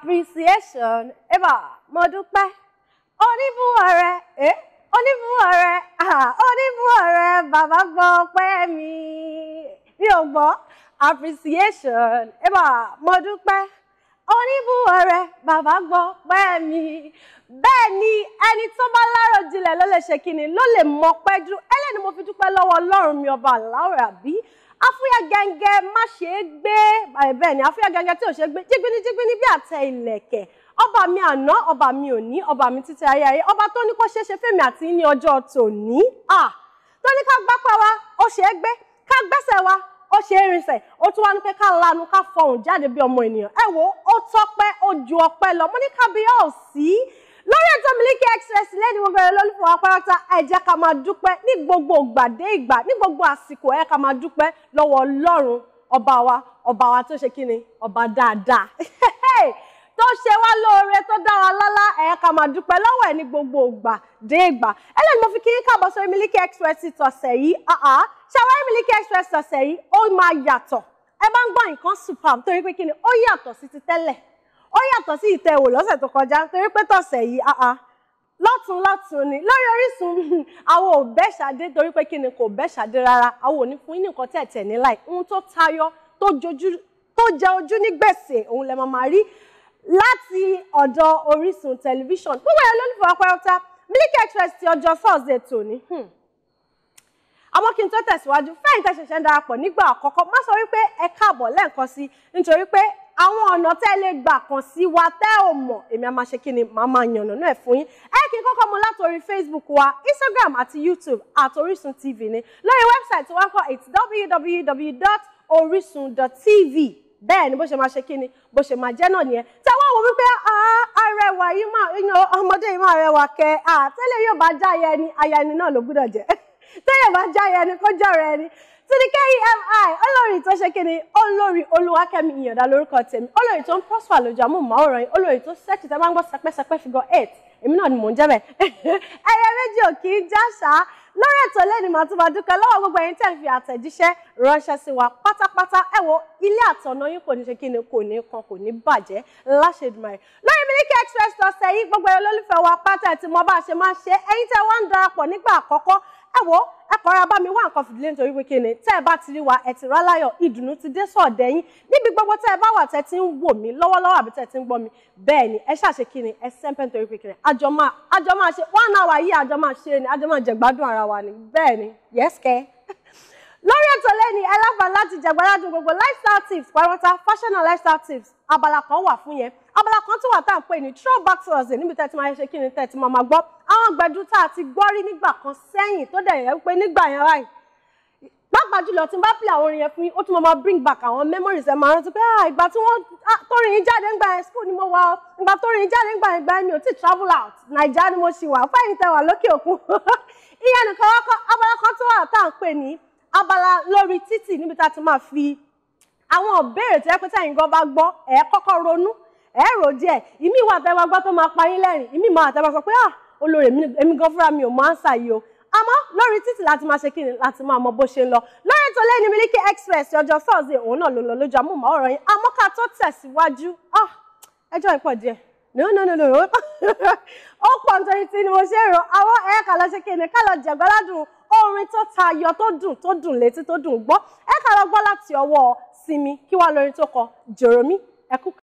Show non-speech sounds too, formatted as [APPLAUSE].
appreciation ẹ̀bà modupe, dúpẹ́ oníbùwọ̀ rẹ ẹ̀ oníbùwọ̀ rẹ oníbùwọ̀ rẹ bàbá gbọ́ pẹ́ mi mi ò gbọ́ appreciation ẹ̀bà modupe, dúpẹ́ oníbùwọ̀ baba bàbá gbọ́ mi bẹ́ẹ̀ ni ẹni tó bá lárò jinlẹ̀ ló lè ṣe kí ni ló lè mọ pẹ́jú ẹlẹ́ni mo fi dúpẹ́ lọ́wọ́ ọlọ́run mi ọba aláwọ̀ abi afúyà gẹ́ngẹ́ má ṣe é gbé bẹ́ẹ̀ ni afúyà gẹ́ngẹ́ tí ò ṣe é gbé jígbíní jígbíní bí àtẹ ìlẹ̀kẹ̀ ọba mi àná ọba mi òní ọba mi títí ayé ayé ọba tó ní kó ṣeé ṣe fèmí àti ní ọjọ́ tòní tó ní ká gbápá wa ó ṣe é gbé ká gbẹ́sẹ̀ wa ó ṣe é rinṣẹ̀ ó tún wá ní pé ká lanu ká fọhùn jáde bí ọmọ ènìyàn ẹ wo ó tọ́pẹ́ ó ju ọpẹ́ lọ mo ní kábíyọ̀ sí lórí ètò Miliki Express lẹ́ni gbogbo ẹ̀rọ lólùfọ̀ apárátá ẹ jẹ́ ká máa dúpẹ́ ní gbogbo ìgbà dé ìgbà ní gbogbo àsìkò ẹ ká máa dúpẹ́ lọ́wọ́ Ọlọ́run ọba wa ọba wa tó ṣe kíni ọba dáadáa tó ṣe wá lóore tó dára lálá ẹ ká máa dúpẹ́ lọ́wọ́ ẹ̀ ní gbogbo ìgbà dé ìgbà ẹlẹ́ni mo fi kí káàbọ̀ sórí Miliki Express tọ̀sẹ̀ yìí ṣàwárí Miliki Express tọ̀sẹ̀ yìí ó máa yàtọ̀ ẹ bá ń gbọ́ nǹkan superb torí pé kíni ó yàtọ̀ sí ti tẹ́lẹ̀ yàtọ̀ sí ìtẹ̀wò lọ́sẹ̀ tó kọjá torí pé tọ̀sẹ̀ yìí àá ah, ah, lọ́tún lọ́tún ni lórí Orísun [LAUGHS] àwọn ò bẹ́ṣadé torí pé kí ni kò bẹ́ṣadé rárá àwọn ò ní fún yín nìkan tẹ̀tẹ̀ ní láì ohun tó tayọ tó jẹ ojú ní gbèsè òun lẹ máa rí láti ọ̀dọ̀ Orísun tẹlifíṣọ̀n gbogbo ẹ̀ lólùfẹ́ apẹ́ọ́tà Miliki Express ti ọjọ́ Thursday tòní hmm. àmọ́ kí n tó tẹ̀síwájú fẹ́yìntẹ́ ṣẹ̀ṣẹ̀ ń darapọ̀ nígbà àkọ́kọ́ má sọ wípé ẹ káàbọ̀ lẹ́ẹ̀kan sí nítorí pé àwọn ọ̀nà tẹ́ lè gbà kàn sí wa tẹ́ ò mọ̀ èmi a máa ṣe kí ni màá máa yànnà náà ẹ̀ fún yín ẹ kí n kọ́kọ́ mọ látòrí Facebook wa Instagram àti YouTube àtOrísun TV ni lórí wẹ́bsáìtì wa kọ́ it's www.orisun.tv bẹ́ẹ̀ ni bó ṣe máa ṣe kí ni bó ṣe máa jẹ́ náà nìyẹn tẹ wá wo wípé arẹwà yìí máa ọmọdé yìí máa rẹwà kẹ àtẹ́lẹ̀ yóò bá já aya ẹni aya ẹni náà ló gbúdọ̀ jẹ́ [LAUGHS] tẹ́yẹ̀ bá já aya kó jọ̀rọ̀ ẹni Tinúkẹ́ EMI olórin tó ṣe kéde olórin Olúwakẹ́mi Ìyàndá lórúkọ tèmi olórin tó ń prosper lójú amóhùnmáwòrán yìí olórin tó sẹ́kì tẹ́ máa ń gbọ́ sẹpẹ́sẹpẹ́ figure eight èmi náà ni mò ń jẹ́ bẹ́ẹ̀ [LAUGHS] ẹyẹ méjì ò kì í já ṣá lórí ètò lẹ́nu màá tún máa dúpẹ́ lọ́wọ́ gbogbo ẹ̀yin tẹ́ ń fi àtẹ̀jíṣẹ́ ránṣẹ́ sí wa pátápátá ẹ wo ilé àtọ̀nà yín kò ní ṣe kí ni kò ní kan kò ní bàjẹ́ láṣẹ̀dùmọ̀ rẹ̀ lórí Miliki Express tọ̀sẹ̀ yìí gbogbo ẹ̀ olólùfẹ́ wa pátá ẹ̀ tí mo bá ṣe máa ṣe ẹ̀yin tẹ́ wá ń darapọ̀ nígbà àkọ́kọ́ ẹ wo ẹ kọ́ra bá mi wá nǹkan fìdílé nítorí pé kíni tẹ́ ẹ bá ti rí wa ẹ ti rá láyọ̀ ìdùnnú ti dé sọ̀dẹ̀ yín níbi gbogbo tẹ́ ẹ bá wà tẹ́ ti ń wò mí lọ́wọ́lọ́wọ́ àbí tẹ́ ti ń gbọ́ mi bẹ́ẹ̀ ni ẹ ṣàṣe kíni ẹ sẹ́ńpẹ́ nítorí pé kíni àjọ máa àjọ máa ṣe one hour yìí àjọ máa ṣe ni àjọ máa jẹ̀gbádùn ara wa ni bẹ́ẹ̀ ni yẹ́sìkẹ́ [LAUGHS] lórí ètò lẹ́ni ẹlẹ́fà láti jẹ̀gbádùn gbogbo lifestyle tips pàrọ̀tà and lifestyle tips abala kan wà fún yẹn abala kan tó wà tá à ń pè ní throwback thursday níbi tẹ́tí máa ṣe kí ni tẹ́tí máa máa gbọ́ àwọn gbẹdú tá a ti gbọ́ rí nígbà kan sẹ́yìn tó dẹ̀ yẹ pé nígbà yẹn ráì pàápàá jùlọ tí n bá play àwọn orin yẹn fún yín ó tún máa bring back àwọn memories ẹ máa rántí pé ah ìgbà tí wọ́n tórin yín jáde ńgbà yẹn school ni mo wà ó ìgbà tórin yín jáde ńgbà yẹn gbà yẹn mi ò tí travel out naija ni mo ṣì wà fẹ́yìn tẹ wà lókè òkun [LAUGHS] ìyẹn nìkan wá abala kan tó wà tá à ń pè ní abala lórí títì níbi tá a ti máa fi àwọn ìbéèrè tó yẹ pé tẹ̀yìn gan bá gbọ́ ẹ̀ kọ́kọ́ ronú ẹ rò díẹ̀ ìmí ìwà àtẹwà gbọ́ tó máa pa yín lẹ́rìn ìmí ìwà àtẹwà sọ pé ah olórí èmi gan fúnra mi ò máa ń ṣàyè o àmọ́ lórí títì láti máa ṣe kíni láti máa mọ bó ṣe ń lọ lórí ètò lẹ́ni Miliki Express ọjọ́ sọ́ọ̀sì òun náà ló lọ lójú amóhùnmáwòrán yín àmọ́ ká tó tẹ̀síwájú ah, ẹjọ́ ìpọ̀ díẹ̀ no no no no ó pọ̀ nítorí tí ni mo ṣe rò àwọn ẹ̀ka lọ ṣe kíni ká lọ jẹ̀gbọ́ládùn orin tó tayọ tó dùn tó dùn létí tó dùn gbọ́ ẹ̀ka lọ gbọ́ láti ọwọ́ Simi kí wàá lórin tó kọ Joromi ẹ̀kú